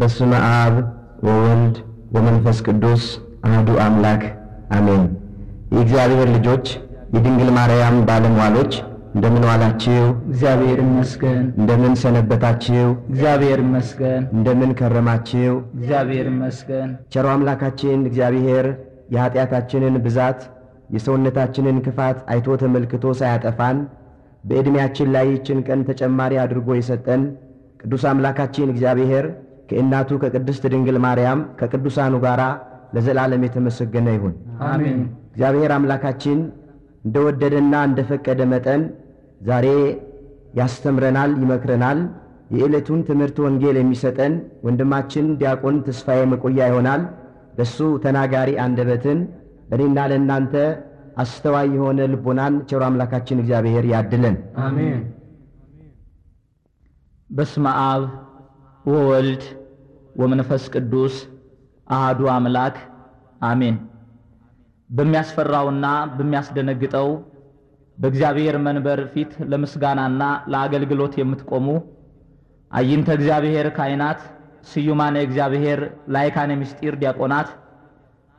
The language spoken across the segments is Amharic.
በስመ አብ ወወልድ ወመንፈስ ቅዱስ አህዱ አምላክ አሜን። የእግዚአብሔር ልጆች የድንግል ማርያም ባለሟሎች እንደምን ዋላችሁ? እግዚአብሔር ይመስገን። እንደምን ሰነበታችሁ? እግዚአብሔር ይመስገን። እንደምን ከረማችሁ? እግዚአብሔር ይመስገን። ቸሮ አምላካችን እግዚአብሔር የኃጢአታችንን ብዛት የሰውነታችንን ክፋት አይቶ ተመልክቶ ሳያጠፋን በዕድሜያችን ላይ ይችን ቀን ተጨማሪ አድርጎ የሰጠን ቅዱስ አምላካችን እግዚአብሔር ከእናቱ ከቅድስት ድንግል ማርያም ከቅዱሳኑ ጋር ለዘላለም የተመሰገነ ይሁን። አሜን። እግዚአብሔር አምላካችን እንደወደደና እንደፈቀደ መጠን ዛሬ ያስተምረናል፣ ይመክረናል። የዕለቱን ትምህርት ወንጌል የሚሰጠን ወንድማችን ዲያቆን ተስፋዬ መቆያ ይሆናል። በሱ ተናጋሪ አንደበትን ለእኔና ለእናንተ አስተዋይ የሆነ ልቦናን ቸሮ አምላካችን እግዚአብሔር ያድለን። አሜን። በስመ አብ ወወልድ ወመንፈስ ቅዱስ አህዱ አምላክ አሜን። በሚያስፈራውና በሚያስደነግጠው በእግዚአብሔር መንበር ፊት ለምስጋናና ለአገልግሎት የምትቆሙ አይንተ እግዚአብሔር ካህናት፣ ስዩማነ እግዚአብሔር ላይካነ ምስጢር ዲያቆናት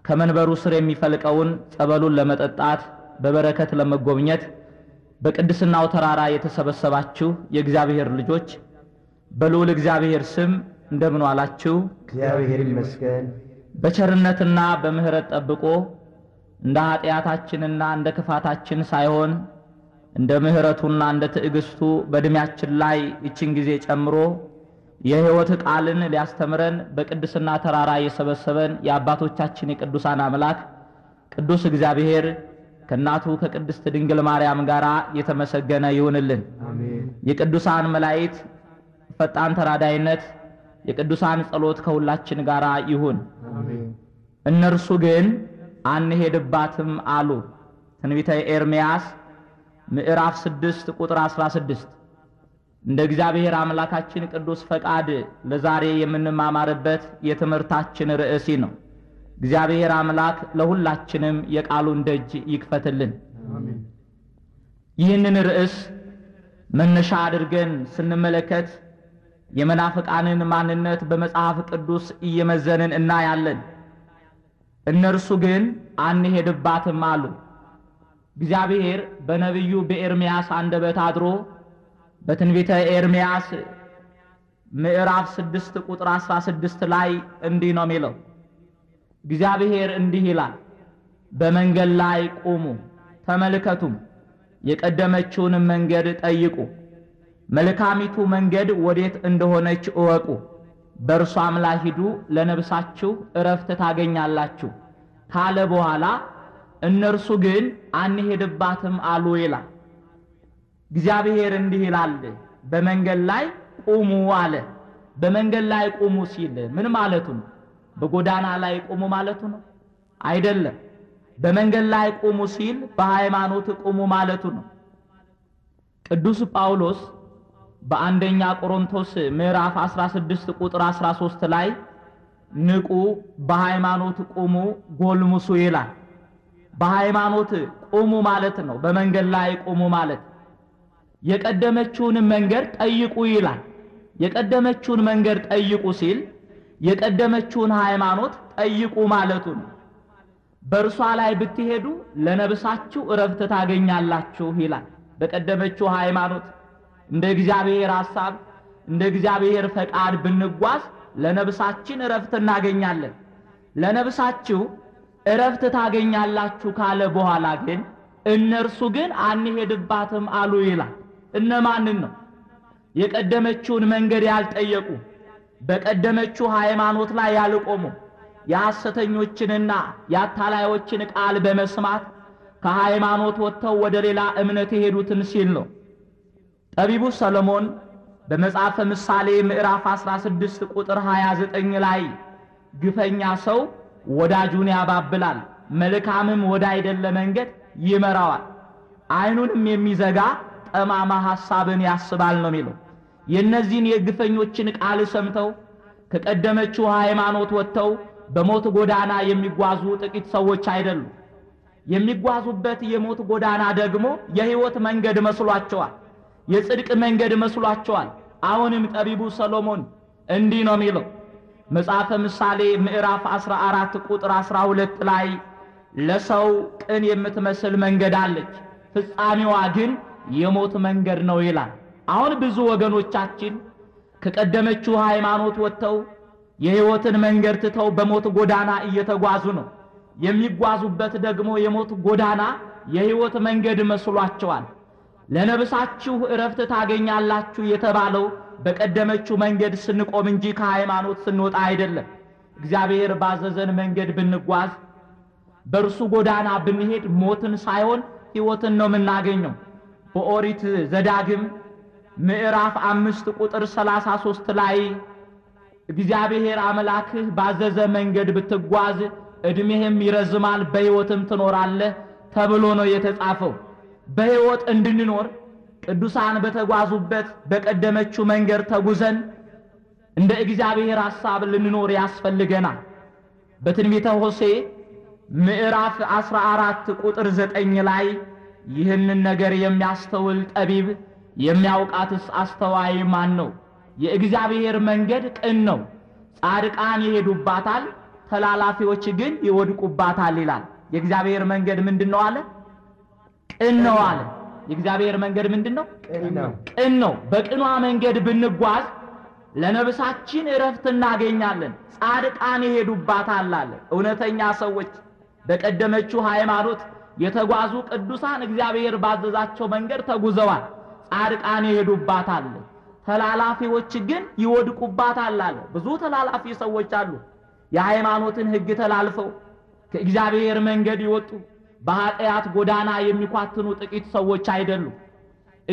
ከመንበሩ ስር የሚፈልቀውን ጸበሉን ለመጠጣት በበረከት ለመጎብኘት በቅድስናው ተራራ የተሰበሰባችሁ የእግዚአብሔር ልጆች በልዑል እግዚአብሔር ስም እንደምን ዋላችሁ? እግዚአብሔር ይመስገን። በቸርነትና በምሕረት ጠብቆ እንደ ኃጢአታችንና እንደ ክፋታችን ሳይሆን እንደ ምሕረቱና እንደ ትዕግስቱ በእድሜያችን ላይ ይችን ጊዜ ጨምሮ የሕይወት ቃልን ሊያስተምረን በቅድስና ተራራ የሰበሰበን የአባቶቻችን የቅዱሳን አምላክ ቅዱስ እግዚአብሔር ከእናቱ ከቅድስት ድንግል ማርያም ጋር የተመሰገነ ይሁንልን። የቅዱሳን መላእክት ፈጣን ተራዳይነት፣ የቅዱሳን ጸሎት ከሁላችን ጋር ይሁን። እነርሱ ግን አንሄድባትም አሉ። ትንቢተ ኤርምያስ ምዕራፍ 6 ቁጥር 16። እንደ እግዚአብሔር አምላካችን ቅዱስ ፈቃድ ለዛሬ የምንማማርበት የትምህርታችን ርዕሲ ነው። እግዚአብሔር አምላክ ለሁላችንም የቃሉን ደጅ ይክፈትልን። ይህንን ርዕስ መነሻ አድርገን ስንመለከት የመናፍቃንን ማንነት በመጽሐፍ ቅዱስ እየመዘንን እናያለን። እነርሱ ግን አንሄድባትም አሉ። እግዚአብሔር በነቢዩ በኤርምያስ አንደበት አድሮ በትንቢተ ኤርምያስ ምዕራፍ ስድስት ቁጥር አስራ ስድስት ላይ እንዲህ ነው የሚለው። እግዚአብሔር እንዲህ ይላል፣ በመንገድ ላይ ቁሙ፣ ተመልከቱም፣ የቀደመችውንም መንገድ ጠይቁ መልካሚቱ መንገድ ወዴት እንደሆነች እወቁ፣ በእርሷም ላይ ሂዱ፣ ለነብሳችሁ እረፍት ታገኛላችሁ ካለ በኋላ እነርሱ ግን አንሄድባትም አሉ ይላል። እግዚአብሔር እንዲህ ይላል፣ በመንገድ ላይ ቁሙ አለ። በመንገድ ላይ ቁሙ ሲል ምን ማለቱ ነው? በጎዳና ላይ ቁሙ ማለቱ ነው? አይደለም። በመንገድ ላይ ቁሙ ሲል በሃይማኖት ቁሙ ማለቱ ነው። ቅዱስ ጳውሎስ በአንደኛ ቆሮንቶስ ምዕራፍ 16 ቁጥር 13 ላይ ንቁ፣ በሃይማኖት ቁሙ፣ ጎልሙሱ ይላል። በሃይማኖት ቁሙ ማለት ነው። በመንገድ ላይ ቁሙ ማለት የቀደመችውን መንገድ ጠይቁ ይላል። የቀደመችውን መንገድ ጠይቁ ሲል የቀደመችውን ሃይማኖት ጠይቁ ማለቱ ነው። በእርሷ ላይ ብትሄዱ ለነብሳችሁ እረፍት ታገኛላችሁ ይላል። በቀደመችው ሃይማኖት እንደ እግዚአብሔር ሐሳብ እንደ እግዚአብሔር ፈቃድ ብንጓዝ ለነብሳችን እረፍት እናገኛለን። ለነብሳችሁ እረፍት ታገኛላችሁ ካለ በኋላ ግን እነርሱ ግን አንሄድባትም አሉ ይላል። እነማንን ነው? የቀደመችውን መንገድ ያልጠየቁ፣ በቀደመችው ሃይማኖት ላይ ያልቆሙ፣ የሐሰተኞችንና የአታላዮችን ቃል በመስማት ከሃይማኖት ወጥተው ወደ ሌላ እምነት የሄዱትን ሲል ነው። ጠቢቡ ሰለሞን በመጽሐፈ ምሳሌ ምዕራፍ 16 ቁጥር 29 ላይ ግፈኛ ሰው ወዳጁን ያባብላል፣ መልካምም ወደ አይደለ መንገድ ይመራዋል፣ አይኑንም የሚዘጋ ጠማማ ሐሳብን ያስባል ነው የሚለው። የእነዚህን የግፈኞችን ቃል ሰምተው ከቀደመችው ሃይማኖት ወጥተው በሞት ጎዳና የሚጓዙ ጥቂት ሰዎች አይደሉም። የሚጓዙበት የሞት ጎዳና ደግሞ የሕይወት መንገድ መስሏቸዋል። የጽድቅ መንገድ መስሏቸዋል። አሁንም ጠቢቡ ሰሎሞን እንዲህ ነው የሚለው መጽሐፈ ምሳሌ ምዕራፍ 14 ቁጥር 12 ላይ ለሰው ቅን የምትመስል መንገድ አለች፣ ፍጻሜዋ ግን የሞት መንገድ ነው ይላል። አሁን ብዙ ወገኖቻችን ከቀደመችው ሃይማኖት ወጥተው የሕይወትን መንገድ ትተው በሞት ጎዳና እየተጓዙ ነው። የሚጓዙበት ደግሞ የሞት ጎዳና የሕይወት መንገድ መስሏቸዋል። ለነብሳችሁ እረፍት ታገኛላችሁ የተባለው በቀደመችው መንገድ ስንቆም እንጂ ከሃይማኖት ስንወጣ አይደለም። እግዚአብሔር ባዘዘን መንገድ ብንጓዝ በእርሱ ጎዳና ብንሄድ ሞትን ሳይሆን ሕይወትን ነው የምናገኘው። በኦሪት ዘዳግም ምዕራፍ አምስት ቁጥር ሰላሳ ሦስት ላይ እግዚአብሔር አምላክህ ባዘዘ መንገድ ብትጓዝ ዕድሜህም ይረዝማል፣ በሕይወትም ትኖራለህ ተብሎ ነው የተጻፈው። በሕይወት እንድንኖር ቅዱሳን በተጓዙበት በቀደመችው መንገድ ተጉዘን እንደ እግዚአብሔር ሐሳብ ልንኖር ያስፈልገናል። በትንቢተ ሆሴዕ ምዕራፍ 14 ቁጥር 9 ላይ ይህንን ነገር የሚያስተውል ጠቢብ የሚያውቃትስ አስተዋይ ማን ነው? የእግዚአብሔር መንገድ ቅን ነው፣ ጻድቃን ይሄዱባታል፣ ተላላፊዎች ግን ይወድቁባታል ይላል። የእግዚአብሔር መንገድ ምንድን ነው አለ? ቅን ነው አለ። የእግዚአብሔር መንገድ ምንድን ነው? ቅን ነው። በቅኗ መንገድ ብንጓዝ ለነብሳችን እረፍት እናገኛለን። ጻድቃን ይሄዱባታል አለ። እውነተኛ ሰዎች በቀደመችው ሃይማኖት የተጓዙ ቅዱሳን እግዚአብሔር ባዘዛቸው መንገድ ተጉዘዋል። ጻድቃን ይሄዱባታል፣ ተላላፊዎች ግን ይወድቁባታል አለ። ብዙ ተላላፊ ሰዎች አሉ፣ የሃይማኖትን ሕግ ተላልፈው ከእግዚአብሔር መንገድ ይወጡ በኃጢአት ጎዳና የሚኳትኑ ጥቂት ሰዎች አይደሉም።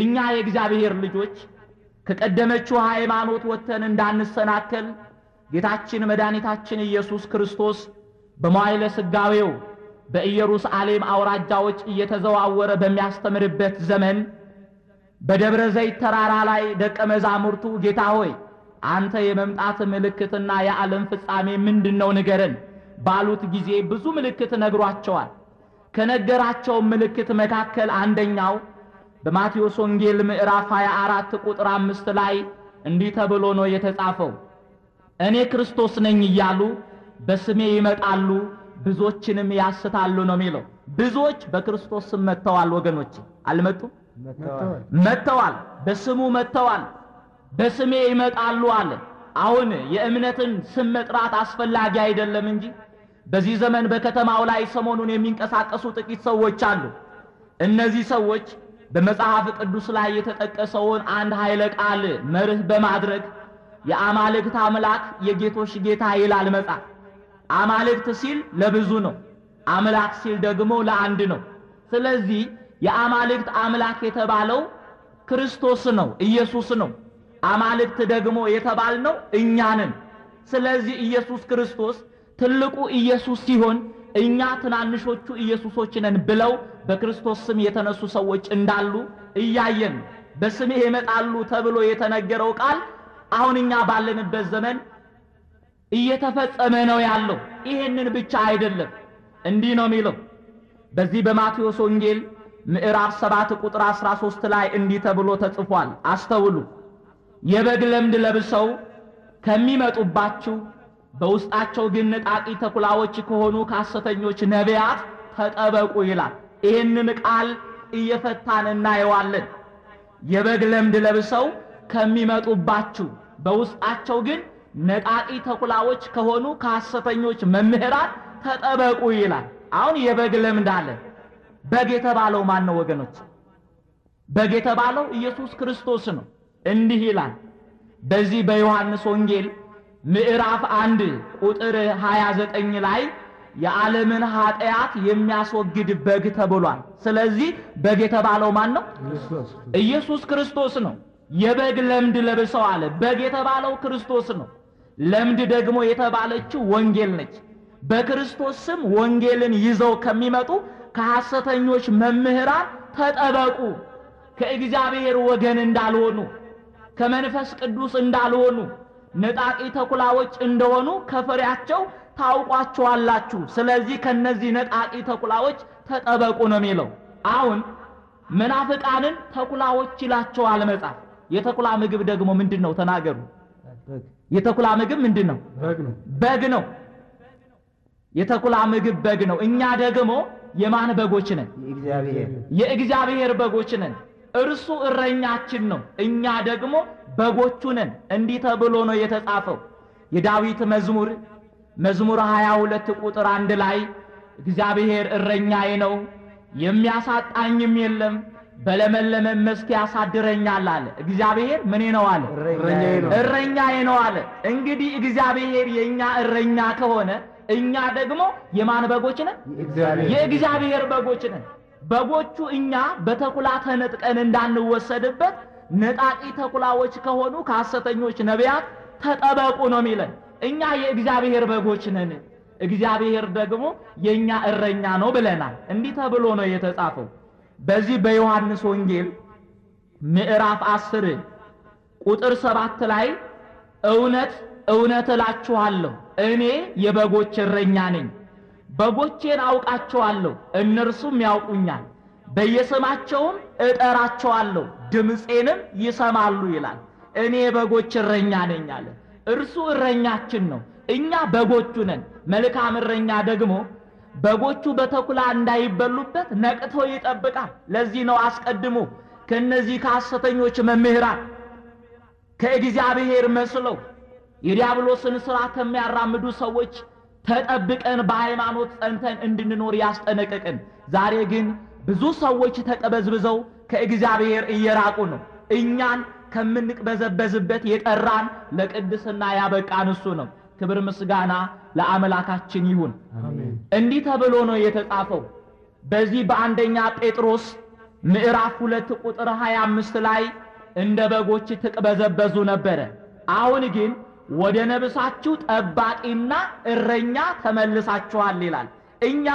እኛ የእግዚአብሔር ልጆች ከቀደመችው ሃይማኖት ወጥተን እንዳንሰናከል ጌታችን መድኃኒታችን ኢየሱስ ክርስቶስ በመዋዕለ ሥጋዌው በኢየሩሳሌም አውራጃዎች እየተዘዋወረ በሚያስተምርበት ዘመን በደብረ ዘይት ተራራ ላይ ደቀ መዛሙርቱ ጌታ ሆይ አንተ የመምጣት ምልክትና የዓለም ፍጻሜ ምንድን ነው ንገረን ባሉት ጊዜ ብዙ ምልክት ነግሯቸዋል። ከነገራቸው ምልክት መካከል አንደኛው በማቴዎስ ወንጌል ምዕራፍ 24 ቁጥር አምስት ላይ እንዲህ ተብሎ ነው የተጻፈው። እኔ ክርስቶስ ነኝ እያሉ በስሜ ይመጣሉ፣ ብዙዎችንም ያስታሉ ነው የሚለው። ብዙዎች በክርስቶስ ስም መጥተዋል ወገኖች፣ አልመጡም? መጥተዋል፣ በስሙ መጥተዋል፣ በስሜ ይመጣሉ አለ። አሁን የእምነትን ስም መጥራት አስፈላጊ አይደለም እንጂ በዚህ ዘመን በከተማው ላይ ሰሞኑን የሚንቀሳቀሱ ጥቂት ሰዎች አሉ። እነዚህ ሰዎች በመጽሐፍ ቅዱስ ላይ የተጠቀሰውን አንድ ኃይለ ቃል መርህ በማድረግ የአማልክት አምላክ የጌቶች ጌታ ይላል መጽሐፍ። አማልክት ሲል ለብዙ ነው፣ አምላክ ሲል ደግሞ ለአንድ ነው። ስለዚህ የአማልክት አምላክ የተባለው ክርስቶስ ነው፣ ኢየሱስ ነው። አማልክት ደግሞ የተባልነው ነው እኛንን ስለዚህ ኢየሱስ ክርስቶስ ትልቁ ኢየሱስ ሲሆን እኛ ትናንሾቹ ኢየሱሶች ነን ብለው በክርስቶስ ስም የተነሱ ሰዎች እንዳሉ እያየን በስሜ ይመጣሉ ተብሎ የተነገረው ቃል አሁን እኛ ባለንበት ዘመን እየተፈጸመ ነው ያለው። ይሄንን ብቻ አይደለም። እንዲህ ነው የሚለው በዚህ በማቴዎስ ወንጌል ምዕራፍ 7 ቁጥር 13 ላይ እንዲህ ተብሎ ተጽፏል። አስተውሉ። የበግ ለምድ ለብሰው ከሚመጡባችሁ በውስጣቸው ግን ነጣቂ ተኩላዎች ከሆኑ ከሐሰተኞች ነቢያት ተጠበቁ ይላል። ይህንን ቃል እየፈታን እናየዋለን። የበግ ለምድ ለብሰው ከሚመጡባችሁ በውስጣቸው ግን ነጣቂ ተኩላዎች ከሆኑ ከሐሰተኞች መምህራን ተጠበቁ ይላል። አሁን የበግ ለምድ አለ። በግ የተባለው ማን ነው ወገኖች? በግ የተባለው ኢየሱስ ክርስቶስ ነው። እንዲህ ይላል በዚህ በዮሐንስ ወንጌል ምዕራፍ አንድ ቁጥር 29 ላይ የዓለምን ኃጢአት የሚያስወግድ በግ ተብሏል። ስለዚህ በግ የተባለው ማን ነው? ኢየሱስ ክርስቶስ ነው። የበግ ለምድ ለብሰው አለ። በግ የተባለው ክርስቶስ ነው። ለምድ ደግሞ የተባለችው ወንጌል ነች። በክርስቶስ ስም ወንጌልን ይዘው ከሚመጡ ከሐሰተኞች መምህራን ተጠበቁ። ከእግዚአብሔር ወገን እንዳልሆኑ፣ ከመንፈስ ቅዱስ እንዳልሆኑ ነጣቂ ተኩላዎች እንደሆኑ ከፍሬያቸው ታውቋቸዋላችሁ ስለዚህ ከነዚህ ነጣቂ ተኩላዎች ተጠበቁ ነው የሚለው አሁን መናፍቃንን ተኩላዎች ይላቸዋል መጽሐፍ የተኩላ ምግብ ደግሞ ምንድን ነው ተናገሩ የተኩላ ምግብ ምንድን ነው በግ ነው የተኩላ ምግብ በግ ነው እኛ ደግሞ የማን በጎች ነን የእግዚአብሔር በጎች ነን እርሱ እረኛችን ነው እኛ ደግሞ በጎቹ ነን። እንዲህ ተብሎ ነው የተጻፈው። የዳዊት መዝሙር መዝሙር 22 ቁጥር አንድ ላይ እግዚአብሔር እረኛዬ ነው የሚያሳጣኝም የለም በለመለመ መስክ ያሳድረኛል አለ። እግዚአብሔር ምኔ ነው አለ እረኛዬ ነው አለ። እንግዲህ እግዚአብሔር የኛ እረኛ ከሆነ እኛ ደግሞ የማን በጎች ነን? የእግዚአብሔር በጎች ነን። በጎቹ እኛ በተኩላ ተነጥቀን እንዳንወሰድበት ነጣቂ ተኩላዎች ከሆኑ ከሐሰተኞች ነቢያት ተጠበቁ ነው የሚለን። እኛ የእግዚአብሔር በጎች ነን፣ እግዚአብሔር ደግሞ የእኛ እረኛ ነው ብለናል። እንዲህ ተብሎ ነው የተጻፈው በዚህ በዮሐንስ ወንጌል ምዕራፍ አስር ቁጥር ሰባት ላይ እውነት እውነት እላችኋለሁ እኔ የበጎች እረኛ ነኝ፣ በጎቼን አውቃቸዋለሁ፣ እነርሱም ያውቁኛል፣ በየስማቸውም እጠራቸዋለሁ ድምፄንም ይሰማሉ ይላል። እኔ በጎች እረኛ ነኝ አለ። እርሱ እረኛችን ነው፣ እኛ በጎቹ ነን። መልካም እረኛ ደግሞ በጎቹ በተኩላ እንዳይበሉበት ነቅቶ ይጠብቃል። ለዚህ ነው አስቀድሞ ከእነዚህ ከሐሰተኞች መምህራን ከእግዚአብሔር መስለው የዲያብሎስን ሥራ ከሚያራምዱ ሰዎች ተጠብቀን በሃይማኖት ጸንተን እንድንኖር ያስጠነቀቅን። ዛሬ ግን ብዙ ሰዎች ተቀበዝብዘው ከእግዚአብሔር እየራቁ ነው። እኛን ከምንቅበዘበዝበት የጠራን ለቅድስና ያበቃን እሱ ነው። ክብር ምስጋና ለአምላካችን ይሁን። እንዲህ ተብሎ ነው የተጻፈው በዚህ በአንደኛ ጴጥሮስ ምዕራፍ ሁለት ቁጥር 25 ላይ እንደ በጎች ትቅበዘበዙ ነበረ፣ አሁን ግን ወደ ነብሳችሁ ጠባቂና እረኛ ተመልሳችኋል ይላል። እኛ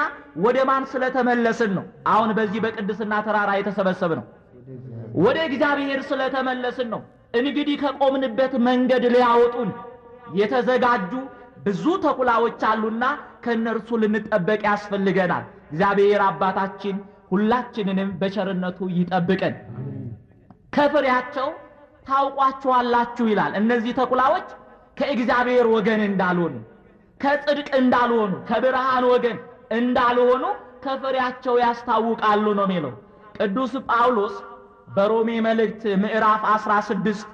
ወደ ማን ስለተመለስን ነው አሁን በዚህ በቅድስና ተራራ የተሰበሰብ ነው? ወደ እግዚአብሔር ስለተመለስን ነው። እንግዲህ ከቆምንበት መንገድ ሊያወጡን የተዘጋጁ ብዙ ተኩላዎች አሉና ከእነርሱ ልንጠበቅ ያስፈልገናል። እግዚአብሔር አባታችን ሁላችንንም በቸርነቱ ይጠብቀን። ከፍሬያቸው ታውቋቸዋላችሁ ይላል። እነዚህ ተኩላዎች ከእግዚአብሔር ወገን እንዳልሆኑ፣ ከጽድቅ እንዳልሆኑ፣ ከብርሃን ወገን እንዳልሆኑ ከፍሬያቸው ያስታውቃሉ ነው የሚለው ቅዱስ ጳውሎስ በሮሜ መልእክት ምዕራፍ 16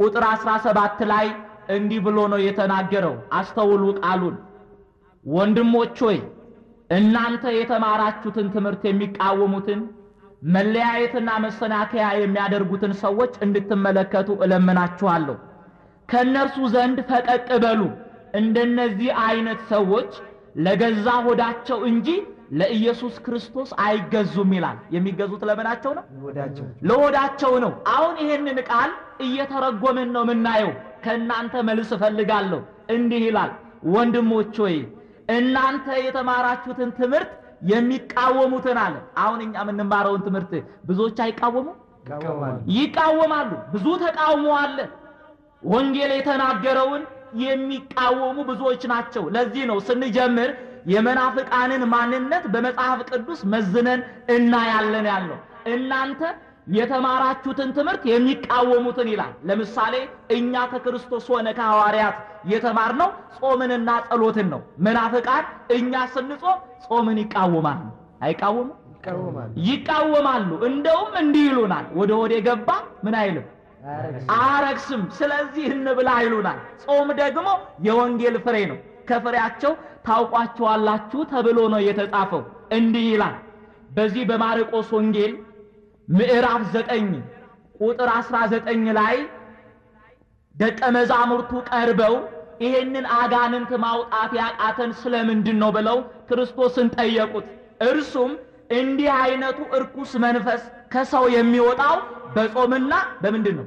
ቁጥር 17 ላይ እንዲህ ብሎ ነው የተናገረው አስተውሉ ቃሉን ወንድሞች ሆይ እናንተ የተማራችሁትን ትምህርት የሚቃወሙትን መለያየትና መሰናከያ የሚያደርጉትን ሰዎች እንድትመለከቱ እለምናችኋለሁ ከእነርሱ ዘንድ ፈቀቅ በሉ እንደነዚህ አይነት ሰዎች ለገዛ ሆዳቸው እንጂ ለኢየሱስ ክርስቶስ አይገዙም ይላል። የሚገዙት ለምናቸው ነው? ለሆዳቸው ነው። አሁን ይሄንን ቃል እየተረጎምን ነው የምናየው። ከእናንተ መልስ እፈልጋለሁ። እንዲህ ይላል፣ ወንድሞች ሆይ እናንተ የተማራችሁትን ትምህርት የሚቃወሙትን አለ። አሁን እኛ የምንማረውን ትምህርት ብዙዎች አይቃወሙ ይቃወማሉ። ብዙ ተቃውሞ አለ። ወንጌል የተናገረውን የሚቃወሙ ብዙዎች ናቸው። ለዚህ ነው ስንጀምር የመናፍቃንን ማንነት በመጽሐፍ ቅዱስ መዝነን እናያለን ያለው። እናንተ የተማራችሁትን ትምህርት የሚቃወሙትን ይላል። ለምሳሌ እኛ ከክርስቶስ ሆነ ከሐዋርያት የተማርነው ጾምንና ጸሎትን ነው። መናፍቃን እኛ ስንጾም ጾምን ይቃወማሉ። አይቃወሙ? ይቃወማሉ። እንደውም እንዲህ ይሉናል፣ ወደ ሆድ የገባ ምን አይልም አረክስም ስለዚህ እንብላ ይሉናል። ጾም ደግሞ የወንጌል ፍሬ ነው። ከፍሬያቸው ታውቋቸዋላችሁ ተብሎ ነው የተጻፈው። እንዲህ ይላል በዚህ በማርቆስ ወንጌል ምዕራፍ ዘጠኝ ቁጥር አስራ ዘጠኝ ላይ ደቀ መዛሙርቱ ቀርበው ይሄንን አጋንንት ማውጣት ያቃተን ስለምንድን ነው ብለው ክርስቶስን ጠየቁት። እርሱም እንዲህ አይነቱ እርኩስ መንፈስ ከሰው የሚወጣው በጾምና በምንድን ነው?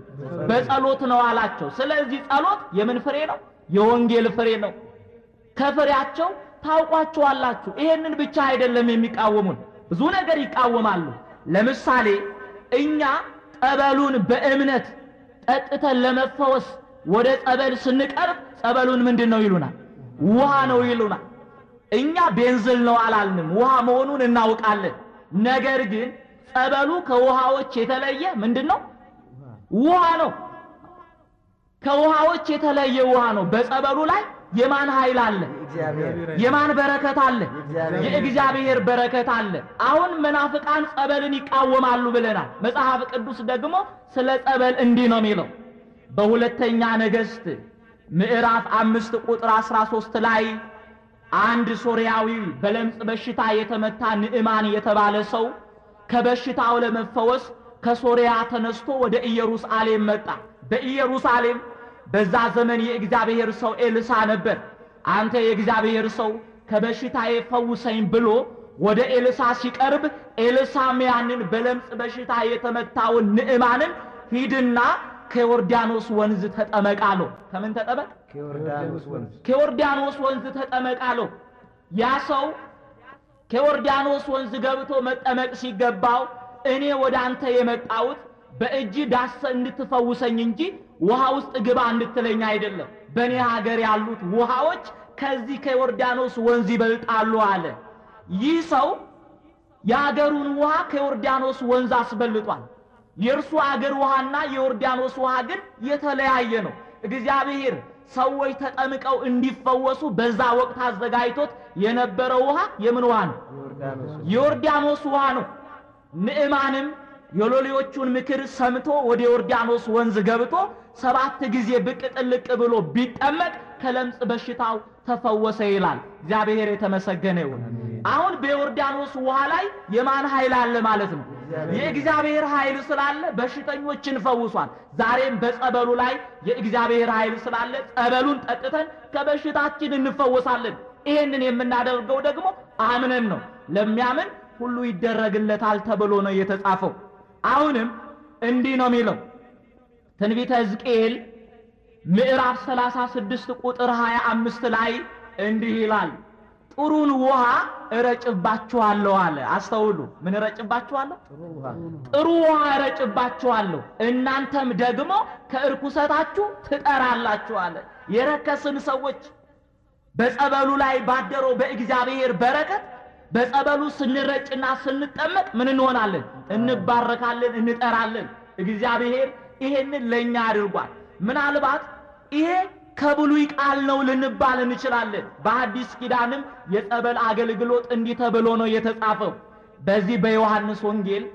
በጸሎት ነው አላቸው። ስለዚህ ጸሎት የምን ፍሬ ነው? የወንጌል ፍሬ ነው። ከፍሬያቸው ታውቋቸዋላችሁ። ይሄንን ብቻ አይደለም የሚቃወሙን፣ ብዙ ነገር ይቃወማሉ። ለምሳሌ እኛ ጠበሉን በእምነት ጠጥተን ለመፈወስ ወደ ጸበል ስንቀርብ ጸበሉን ምንድን ነው ይሉናል? ውሃ ነው ይሉናል። እኛ ቤንዝል ነው አላልንም፣ ውሃ መሆኑን እናውቃለን። ነገር ግን ጸበሉ ከውሃዎች የተለየ ምንድን ነው? ውሃ ነው። ከውሃዎች የተለየ ውሃ ነው። በጸበሉ ላይ የማን ኃይል አለ? የማን በረከት አለ? የእግዚአብሔር በረከት አለ። አሁን መናፍቃን ጸበልን ይቃወማሉ ብለናል። መጽሐፍ ቅዱስ ደግሞ ስለ ጸበል እንዲህ ነው የሚለው በሁለተኛ ነገሥት ምዕራፍ አምስት ቁጥር አስራ ሶስት ላይ አንድ ሶርያዊ በለምጽ በሽታ የተመታ ንዕማን የተባለ ሰው ከበሽታው ለመፈወስ ከሶሪያ ተነስቶ ወደ ኢየሩሳሌም መጣ። በኢየሩሳሌም በዛ ዘመን የእግዚአብሔር ሰው ኤልሳ ነበር። አንተ የእግዚአብሔር ሰው ከበሽታዬ ፈውሰኝ ብሎ ወደ ኤልሳ ሲቀርብ ኤልሳም ያንን በለምጽ በሽታ የተመታውን ንዕማንን ሂድና ከዮርዳኖስ ወንዝ ተጠመቃ አለው። ከምን ተጠመቅ? ከዮርዳኖስ ወንዝ ተጠመቃ አለው። ያ ሰው ከዮርዳኖስ ወንዝ ገብቶ መጠመቅ ሲገባው እኔ ወደ አንተ የመጣሁት በእጅ ዳሰ እንድትፈውሰኝ እንጂ ውሃ ውስጥ ግባ እንድትለኝ አይደለም። በእኔ ሀገር ያሉት ውሃዎች ከዚህ ከዮርዳኖስ ወንዝ ይበልጣሉ አለ። ይህ ሰው የአገሩን ውሃ ከዮርዳኖስ ወንዝ አስበልጧል። የእርሱ አገር ውሃና የዮርዳኖስ ውሃ ግን የተለያየ ነው። እግዚአብሔር ሰዎች ተጠምቀው እንዲፈወሱ በዛ ወቅት አዘጋጅቶት የነበረው ውሃ የምን ውሃ ነው? የዮርዳኖስ ውሃ ነው። ምእማንም የሎሌዎቹን ምክር ሰምቶ ወደ ዮርዳኖስ ወንዝ ገብቶ ሰባት ጊዜ ብቅ ጥልቅ ብሎ ቢጠመቅ ከለምጽ በሽታው ተፈወሰ ይላል። እግዚአብሔር የተመሰገነ ይሁን። አሁን በዮርዳኖስ ውሃ ላይ የማን ኃይል አለ ማለት ነው? የእግዚአብሔር ኃይል ስላለ በሽተኞችን ፈውሷል። ዛሬም በጸበሉ ላይ የእግዚአብሔር ኃይል ስላለ ጸበሉን ጠጥተን ከበሽታችን እንፈወሳለን። ይህንን የምናደርገው ደግሞ አምነን ነው። ለሚያምን ሁሉ ይደረግለታል ተብሎ ነው የተጻፈው። አሁንም እንዲህ ነው የሚለው ትንቢተ ሕዝቅኤል ምዕራፍ 36 ቁጥር 25 ላይ እንዲህ ይላል፣ ጥሩን ውሃ እረጭባችኋለሁ አለ። አስተውሉ። ምን እረጭባችኋለሁ? ጥሩ ውሃ እረጭባችኋለሁ፣ እናንተም ደግሞ ከእርኩሰታችሁ ትጠራላችሁ አለ። የረከስን ሰዎች በጸበሉ ላይ ባደረው በእግዚአብሔር በረከት በጸበሉ ስንረጭና ስንጠመቅ ምን እንሆናለን? እንባረካለን፣ እንጠራለን። እግዚአብሔር ይሄንን ለእኛ አድርጓል። ምናልባት ይሄ ከብሉይ ቃል ነው ልንባል እንችላለን። በአዲስ ኪዳንም የጸበል አገልግሎት እንዲህ ተብሎ ነው የተጻፈው። በዚህ በዮሐንስ ወንጌል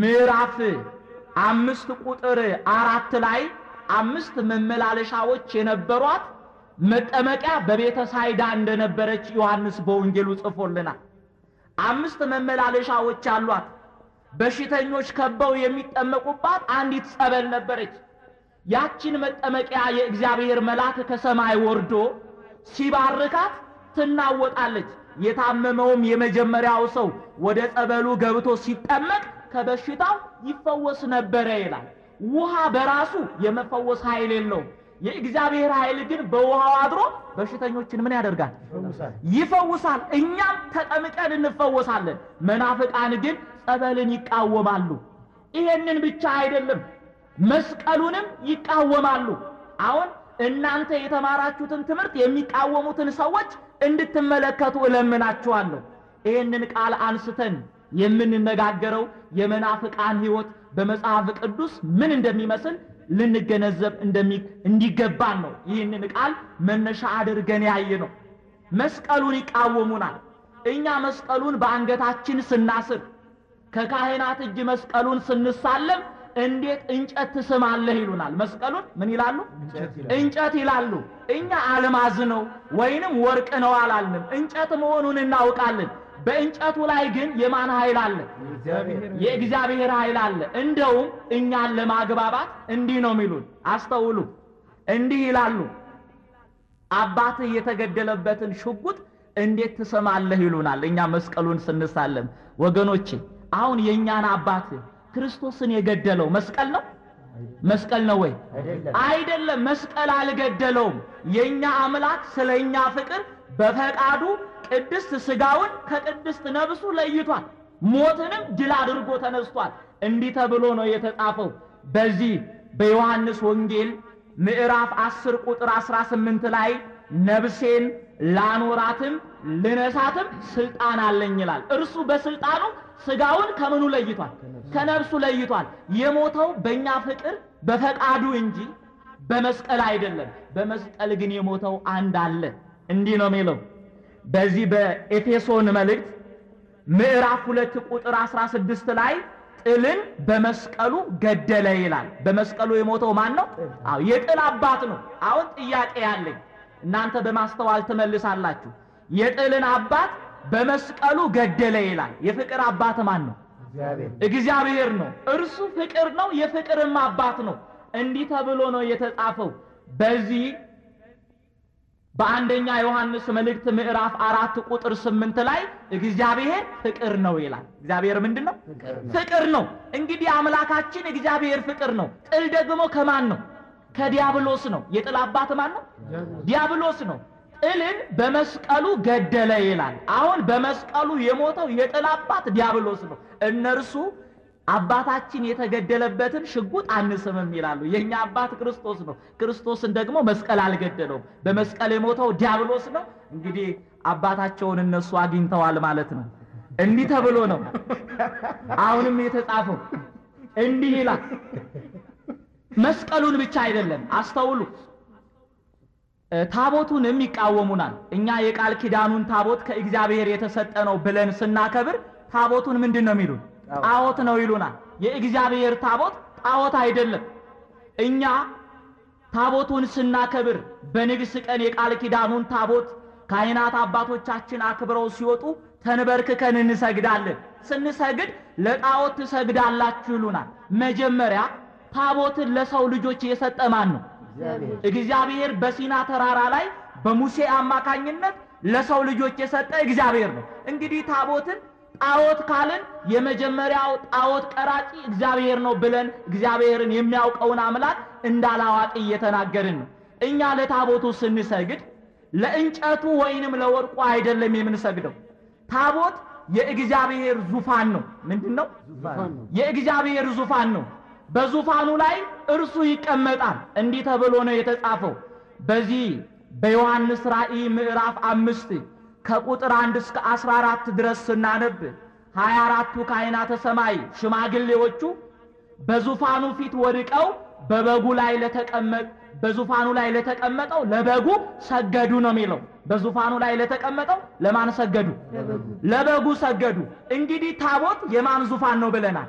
ምዕራፍ አምስት ቁጥር አራት ላይ አምስት መመላለሻዎች የነበሯት መጠመቂያ በቤተ ሳይዳ እንደነበረች ዮሐንስ በወንጌሉ ጽፎልናል። አምስት መመላለሻዎች አሏት። በሽተኞች ከበው የሚጠመቁባት አንዲት ጸበል ነበረች። ያችን መጠመቂያ የእግዚአብሔር መልአክ ከሰማይ ወርዶ ሲባርካት ትናወጣለች። የታመመውም የመጀመሪያው ሰው ወደ ጸበሉ ገብቶ ሲጠመቅ ከበሽታው ይፈወስ ነበረ ይላል። ውሃ በራሱ የመፈወስ ኃይል የለውም። የእግዚአብሔር ኃይል ግን በውሃው አድሮ በሽተኞችን ምን ያደርጋል? ይፈውሳል። እኛም ተጠምቀን እንፈወሳለን። መናፍቃን ግን ጸበልን ይቃወማሉ። ይሄንን ብቻ አይደለም፣ መስቀሉንም ይቃወማሉ። አሁን እናንተ የተማራችሁትን ትምህርት የሚቃወሙትን ሰዎች እንድትመለከቱ እለምናችኋለሁ። ይህንን ቃል አንስተን የምንነጋገረው የመናፍቃን ሕይወት በመጽሐፍ ቅዱስ ምን እንደሚመስል ልንገነዘብ እንዲገባን ነው ይህንን ቃል መነሻ አድርገን ያየ ነው መስቀሉን ይቃወሙናል እኛ መስቀሉን በአንገታችን ስናስር ከካህናት እጅ መስቀሉን ስንሳለም እንዴት እንጨት ትስማለህ ይሉናል መስቀሉን ምን ይላሉ እንጨት ይላሉ እኛ አልማዝ ነው ወይንም ወርቅ ነው አላልንም እንጨት መሆኑን እናውቃለን በእንጨቱ ላይ ግን የማን ኃይል አለ? የእግዚአብሔር ኃይል አለ። እንደውም እኛን ለማግባባት እንዲህ ነው የሚሉን። አስተውሉ። እንዲህ ይላሉ፣ አባትህ የተገደለበትን ሽጉጥ እንዴት ትሰማለህ ይሉናል። እኛ መስቀሉን ስንሳለም ወገኖቼ፣ አሁን የእኛን አባት ክርስቶስን የገደለው መስቀል ነው መስቀል ነው ወይ? አይደለም። መስቀል አልገደለውም። የኛ አምላክ ስለኛ ፍቅር በፈቃዱ ቅድስት ስጋውን ከቅድስት ነብሱ ለይቷል። ሞትንም ድል አድርጎ ተነስቷል። እንዲህ ተብሎ ነው የተጻፈው በዚህ በዮሐንስ ወንጌል ምዕራፍ 10 ቁጥር 18 ላይ ነብሴን ላኖራትም ልነሳትም ስልጣን አለኝ ይላል። እርሱ በስልጣኑ ስጋውን ከምኑ ለይቷል? ከነብሱ ለይቷል። የሞተው በእኛ ፍቅር በፈቃዱ እንጂ በመስቀል አይደለም። በመስቀል ግን የሞተው አንድ አለ። እንዲህ ነው የሚለው በዚህ በኤፌሶን መልእክት ምዕራፍ ሁለት ቁጥር 16 ላይ ጥልን በመስቀሉ ገደለ ይላል። በመስቀሉ የሞተው ማን ነው? አዎ የጥል አባት ነው። አሁን ጥያቄ ያለኝ እናንተ በማስተዋል ትመልሳላችሁ። የጥልን አባት በመስቀሉ ገደለ ይላል። የፍቅር አባት ማን ነው? እግዚአብሔር ነው። እርሱ ፍቅር ነው፣ የፍቅርም አባት ነው። እንዲህ ተብሎ ነው የተጻፈው በዚህ በአንደኛ ዮሐንስ መልእክት ምዕራፍ አራት ቁጥር ስምንት ላይ እግዚአብሔር ፍቅር ነው ይላል። እግዚአብሔር ምንድን ነው? ፍቅር ነው። እንግዲህ አምላካችን እግዚአብሔር ፍቅር ነው። ጥል ደግሞ ከማን ነው? ከዲያብሎስ ነው። የጥል አባት ማን ነው? ዲያብሎስ ነው። ጥልን በመስቀሉ ገደለ ይላል። አሁን በመስቀሉ የሞተው የጥል አባት ዲያብሎስ ነው። እነርሱ አባታችን የተገደለበትን ሽጉጥ አንስምም ይላሉ። የኛ አባት ክርስቶስ ነው። ክርስቶስን ደግሞ መስቀል አልገደለውም። በመስቀል የሞተው ዲያብሎስ ነው። እንግዲህ አባታቸውን እነሱ አግኝተዋል ማለት ነው። እንዲህ ተብሎ ነው አሁንም የተጻፈው። እንዲህ ይላል። መስቀሉን ብቻ አይደለም፣ አስተውሉ። ታቦቱን ይቃወሙናል። እኛ የቃል ኪዳኑን ታቦት ከእግዚአብሔር የተሰጠ ነው ብለን ስናከብር ታቦቱን ምንድን ነው የሚሉን? ጣዖት ነው ይሉናል። የእግዚአብሔር ታቦት ጣዖት አይደለም። እኛ ታቦቱን ስናከብር በንግስ ቀን የቃል ኪዳኑን ታቦት ካህናት አባቶቻችን አክብረው ሲወጡ ተንበርክከን እንሰግዳለን። ስንሰግድ ለጣዖት ትሰግዳላችሁ ይሉናል። መጀመሪያ ታቦትን ለሰው ልጆች የሰጠ ማን ነው? እግዚአብሔር በሲና ተራራ ላይ በሙሴ አማካኝነት ለሰው ልጆች የሰጠ እግዚአብሔር ነው። እንግዲህ ታቦትን ጣዖት ካልን የመጀመሪያው ጣዖት ቀራጪ እግዚአብሔር ነው ብለን እግዚአብሔርን የሚያውቀውን አምላክ እንዳላዋቂ እየተናገርን ነው። እኛ ለታቦቱ ስንሰግድ ለእንጨቱ ወይንም ለወርቁ አይደለም የምንሰግደው። ታቦት የእግዚአብሔር ዙፋን ነው። ምንድን ነው? የእግዚአብሔር ዙፋን ነው። በዙፋኑ ላይ እርሱ ይቀመጣል። እንዲህ ተብሎ ነው የተጻፈው በዚህ በዮሐንስ ራእይ ምዕራፍ አምስት ከቁጥር አንድ እስከ አስራ አራት ድረስ ስናነብ ሀያ አራቱ ካህናተ ሰማይ ሽማግሌዎቹ በዙፋኑ ፊት ወድቀው በበጉ ላይ ለተቀመጠ በዙፋኑ ላይ ለተቀመጠው ለበጉ ሰገዱ ነው የሚለው። በዙፋኑ ላይ ለተቀመጠው ለማን ሰገዱ? ለበጉ ሰገዱ። እንግዲህ ታቦት የማን ዙፋን ነው ብለናል?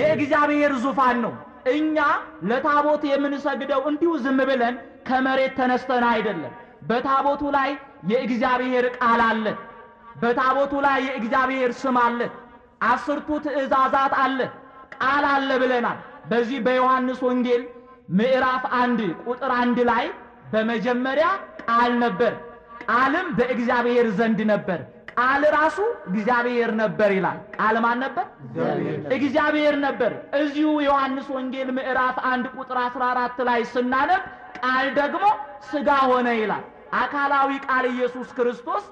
የእግዚአብሔር ዙፋን ነው። እኛ ለታቦት የምንሰግደው እንዲሁ ዝም ብለን ከመሬት ተነስተን አይደለም። በታቦቱ ላይ የእግዚአብሔር ቃል አለ። በታቦቱ ላይ የእግዚአብሔር ስም አለ። አስርቱ ትእዛዛት አለ፣ ቃል አለ ብለናል። በዚህ በዮሐንስ ወንጌል ምዕራፍ አንድ ቁጥር አንድ ላይ በመጀመሪያ ቃል ነበር፣ ቃልም በእግዚአብሔር ዘንድ ነበር፣ ቃል ራሱ እግዚአብሔር ነበር ይላል። ቃል ማን ነበር? እግዚአብሔር ነበር። እዚሁ ዮሐንስ ወንጌል ምዕራፍ አንድ ቁጥር 14 ላይ ስናነብ ቃል ደግሞ ስጋ ሆነ ይላል። አካላዊ ቃል ኢየሱስ ክርስቶስ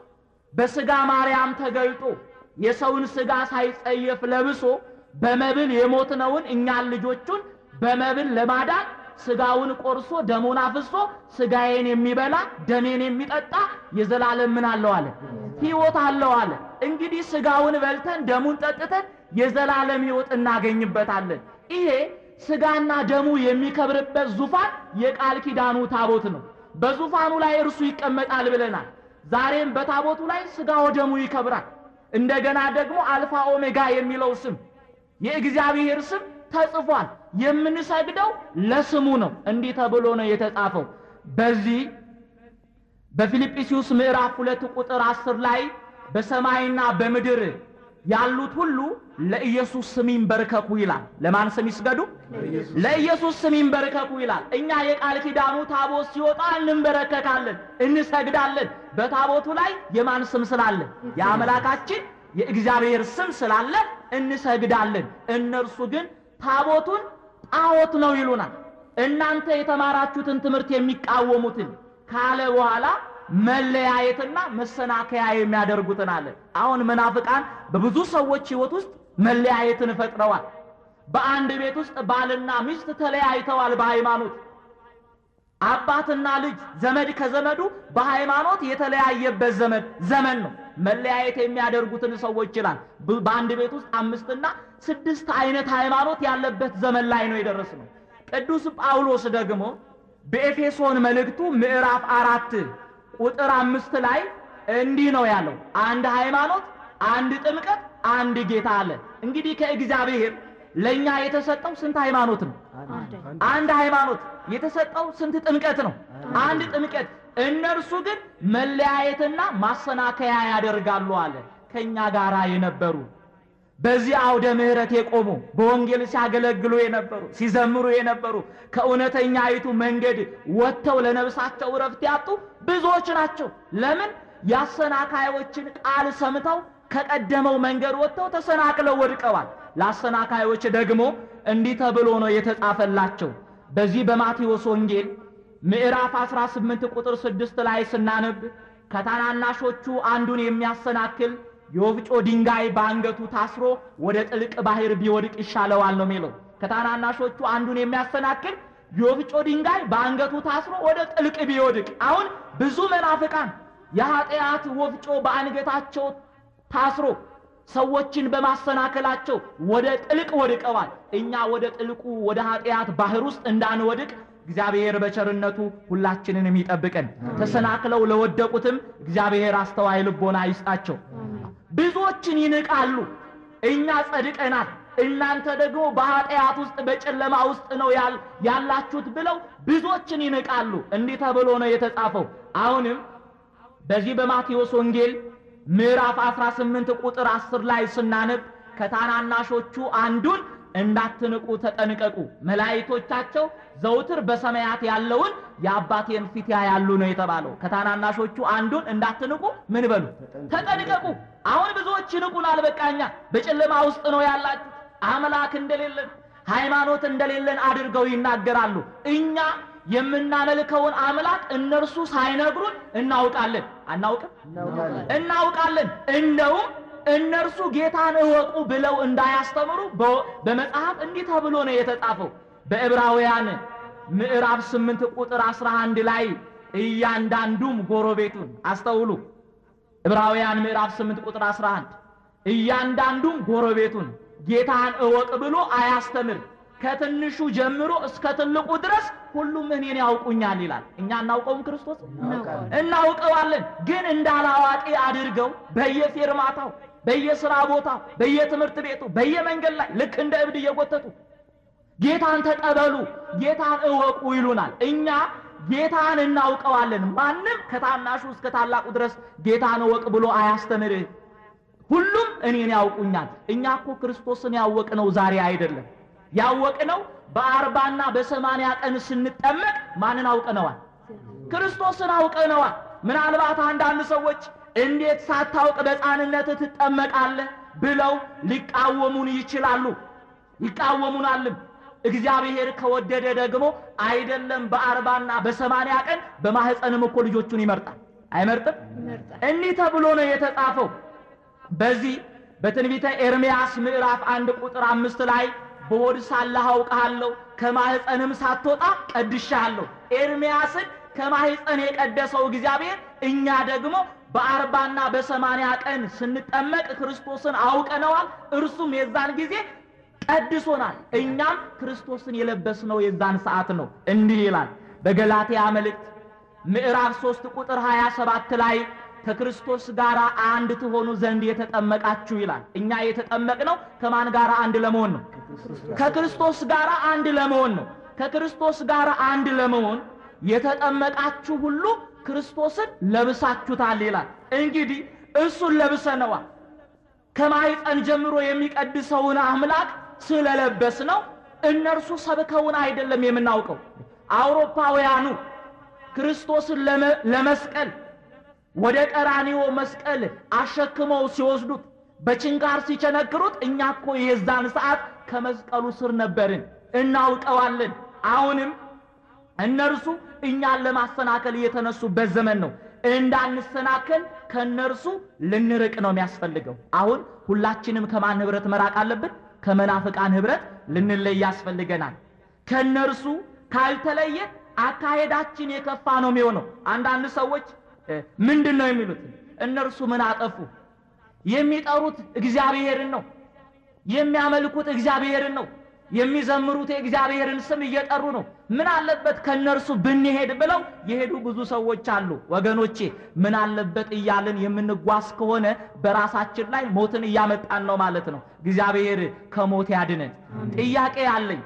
በስጋ ማርያም ተገልጦ የሰውን ስጋ ሳይጸየፍ ለብሶ በመብል የሞትነውን እኛን ልጆቹን በመብል ለማዳን ስጋውን ቆርሶ ደሙን አፍሶ ስጋዬን የሚበላ ደሜን የሚጠጣ የዘላለም ምን አለው አለ ህይወት አለው አለ። እንግዲህ ስጋውን በልተን ደሙን ጠጥተን የዘላለም ህይወት እናገኝበታለን። ይሄ ስጋና ደሙ የሚከብርበት ዙፋን የቃል ኪዳኑ ታቦት ነው። በዙፋኑ ላይ እርሱ ይቀመጣል ብለናል። ዛሬም በታቦቱ ላይ ስጋ ወደሙ ይከብራል። እንደገና ደግሞ አልፋ ኦሜጋ የሚለው ስም የእግዚአብሔር ስም ተጽፏል። የምንሰግደው ለስሙ ነው። እንዲህ ተብሎ ነው የተጻፈው። በዚህ በፊልጵስዩስ ምዕራፍ ሁለት ቁጥር አስር ላይ በሰማይና በምድር ያሉት ሁሉ ለኢየሱስ ስም ይንበርከኩ ይላል። ለማን ስም ይስገዱ? ለኢየሱስ ስም ይንበርከኩ ይላል። እኛ የቃል ኪዳኑ ታቦት ሲወጣ እንንበረከካለን፣ እንሰግዳለን። በታቦቱ ላይ የማን ስም ስላለ? የአምላካችን የእግዚአብሔር ስም ስላለ እንሰግዳለን። እነርሱ ግን ታቦቱን ጣዖት ነው ይሉናል። እናንተ የተማራችሁትን ትምህርት የሚቃወሙትን ካለ በኋላ መለያየትና መሰናከያ የሚያደርጉትን አለ። አሁን መናፍቃን በብዙ ሰዎች ህይወት ውስጥ መለያየትን ፈጥረዋል። በአንድ ቤት ውስጥ ባልና ሚስት ተለያይተዋል። በሃይማኖት አባትና ልጅ፣ ዘመድ ከዘመዱ በሃይማኖት የተለያየበት ዘመድ ዘመን ነው። መለያየት የሚያደርጉትን ሰዎች ይላል። በአንድ ቤት ውስጥ አምስትና ስድስት አይነት ሃይማኖት ያለበት ዘመን ላይ ነው የደረስነው። ቅዱስ ጳውሎስ ደግሞ በኤፌሶን መልእክቱ ምዕራፍ አራት ቁጥር አምስት ላይ እንዲህ ነው ያለው፣ አንድ ሃይማኖት፣ አንድ ጥምቀት፣ አንድ ጌታ አለ። እንግዲህ ከእግዚአብሔር ለኛ የተሰጠው ስንት ሃይማኖት ነው? አንድ ሃይማኖት። የተሰጠው ስንት ጥምቀት ነው? አንድ ጥምቀት። እነርሱ ግን መለያየትና ማሰናከያ ያደርጋሉ አለ ከኛ ጋር የነበሩ በዚህ አውደ ምህረት የቆሙ በወንጌል ሲያገለግሉ የነበሩ ሲዘምሩ የነበሩ ከእውነተኛ አይቱ መንገድ ወጥተው ለነብሳቸው እረፍት ያጡ ብዙዎች ናቸው። ለምን? የአሰናካዮችን ቃል ሰምተው ከቀደመው መንገድ ወጥተው ተሰናክለው ወድቀዋል። ለአሰናካዮች ደግሞ እንዲህ ተብሎ ነው የተጻፈላቸው። በዚህ በማቴዎስ ወንጌል ምዕራፍ 18 ቁጥር 6 ላይ ስናነብ ከታናናሾቹ አንዱን የሚያሰናክል የወፍጮ ድንጋይ በአንገቱ ታስሮ ወደ ጥልቅ ባህር ቢወድቅ ይሻለዋል ነው የሚለው። ከታናናሾቹ አንዱን የሚያሰናክል የወፍጮ ድንጋይ በአንገቱ ታስሮ ወደ ጥልቅ ቢወድቅ። አሁን ብዙ መናፍቃን የኃጢአት ወፍጮ በአንገታቸው ታስሮ ሰዎችን በማሰናከላቸው ወደ ጥልቅ ወድቀዋል። እኛ ወደ ጥልቁ ወደ ኃጢአት ባህር ውስጥ እንዳንወድቅ እግዚአብሔር በቸርነቱ ሁላችንንም ይጠብቀን። ተሰናክለው ለወደቁትም እግዚአብሔር አስተዋይ ልቦና ይስጣቸው። ብዙዎችን ይንቃሉ። እኛ ጸድቀናል፣ እናንተ ደግሞ በኃጢአት ውስጥ በጨለማ ውስጥ ነው ያላችሁት ብለው ብዙዎችን ይንቃሉ። እንዲህ ተብሎ ነው የተጻፈው። አሁንም በዚህ በማቴዎስ ወንጌል ምዕራፍ 18 ቁጥር 10 ላይ ስናነብ ከታናናሾቹ አንዱን እንዳትንቁ ተጠንቀቁ። መላእክቶቻቸው ዘውትር በሰማያት ያለውን የአባቴን ፊት ያያሉ ነው የተባለው። ከታናናሾቹ አንዱን እንዳትንቁ ምን በሉ ተጠንቀቁ። አሁን ብዙዎች ይንቁናል። በቃኛ በጨለማ ውስጥ ነው ያላችሁ። አምላክ እንደሌለን ሃይማኖት እንደሌለን አድርገው ይናገራሉ። እኛ የምናመልከውን አምላክ እነርሱ ሳይነግሩን እናውቃለን። አናውቅም? እናውቃለን። እንደውም እነርሱ ጌታን እወቁ ብለው እንዳያስተምሩ በመጽሐፍ እንዲህ ተብሎ ነው የተጻፈው በዕብራውያን ምዕራፍ 8 ቁጥር 11 ላይ እያንዳንዱም ጎረቤቱን አስተውሉ ዕብራውያን ምዕራፍ ስምንት ቁጥር 11 እያንዳንዱም ጎረቤቱን ጌታን እወቅ ብሎ አያስተምር ከትንሹ ጀምሮ እስከ ትልቁ ድረስ ሁሉም እኔን ያውቁኛል ይላል። እኛ እናውቀውም ክርስቶስ እናውቀዋለን፣ ግን እንዳላዋቂ አድርገው በየፌርማታው በየስራ ቦታ፣ በየትምህርት ቤቱ፣ በየመንገድ ላይ ልክ እንደ እብድ እየጎተቱ ጌታን ተቀበሉ፣ ጌታን እወቁ ይሉናል። እኛ ጌታን እናውቀዋለን። ማንም ከታናሹ እስከ ታላቁ ድረስ ጌታን እወቅ ብሎ አያስተምርህ። ሁሉም እኔን ያውቁኛል። እኛ እኮ ክርስቶስን ያወቅነው ዛሬ አይደለም። ያወቅነው በአርባና በሰማንያ ቀን ስንጠመቅ ማንን አውቀነዋል? ክርስቶስን አውቀነዋል። ምናልባት አንዳንድ ሰዎች እንዴት ሳታውቅ በሕፃንነት ትጠመቃለህ ብለው ሊቃወሙን ይችላሉ ይቃወሙናልም። እግዚአብሔር ከወደደ ደግሞ አይደለም በአርባና በሰማንያ ቀን በማህፀንም እኮ ልጆቹን ይመርጣል። አይመርጥም? እኒህ ተብሎ ነው የተጻፈው። በዚህ በትንቢተ ኤርምያስ ምዕራፍ አንድ ቁጥር አምስት ላይ በሆድ ሳለህ አውቅሃለሁ ከማህፀንም ሳትወጣ ቀድሻለሁ። ኤርምያስን ከማህፀን የቀደሰው እግዚአብሔር እኛ ደግሞ በአርባና በሰማንያ ቀን ስንጠመቅ ክርስቶስን አውቀነዋል። እርሱም የዛን ጊዜ ቀድሶናል። እኛም ክርስቶስን የለበስነው የዛን ሰዓት ነው። እንዲህ ይላል በገላትያ መልእክት ምዕራፍ 3 ቁጥር 27 ላይ ከክርስቶስ ጋር አንድ ትሆኑ ዘንድ የተጠመቃችሁ ይላል። እኛ የተጠመቅነው ከማን ጋር አንድ ለመሆን ነው? ከክርስቶስ ጋር አንድ ለመሆን ነው። ከክርስቶስ ጋር አንድ ለመሆን የተጠመቃችሁ ሁሉ ክርስቶስን ለብሳችሁታል ይላል። እንግዲህ እሱን ለብሰነዋ ከማይጠን ጀምሮ የሚቀድሰውን አምላክ ስለለበስ ነው። እነርሱ ሰብከውን አይደለም የምናውቀው። አውሮፓውያኑ ክርስቶስን ለመስቀል ወደ ቀራኒዮ መስቀል አሸክመው ሲወስዱት በችንካር ሲቸነክሩት፣ እኛ እኮ የዛን ሰዓት ከመስቀሉ ስር ነበርን፣ እናውቀዋለን። አሁንም እነርሱ እኛን ለማሰናከል እየተነሱበት ዘመን ነው። እንዳንሰናከል ከእነርሱ ልንርቅ ነው የሚያስፈልገው። አሁን ሁላችንም ከማን ህብረት መራቅ አለብን? ከመናፍቃን ህብረት ልንለይ ያስፈልገናል። ከእነርሱ ካልተለየ አካሄዳችን የከፋ ነው የሚሆነው። አንዳንድ ሰዎች ምንድን ነው የሚሉት? እነርሱ ምን አጠፉ? የሚጠሩት እግዚአብሔርን ነው፣ የሚያመልኩት እግዚአብሔርን ነው። የሚዘምሩት የእግዚአብሔርን ስም እየጠሩ ነው። ምን አለበት ከነርሱ ብንሄድ ብለው የሄዱ ብዙ ሰዎች አሉ። ወገኖቼ ምን አለበት እያልን የምንጓዝ ከሆነ በራሳችን ላይ ሞትን እያመጣን ነው ማለት ነው። እግዚአብሔር ከሞት ያድነን። ጥያቄ አለኝ።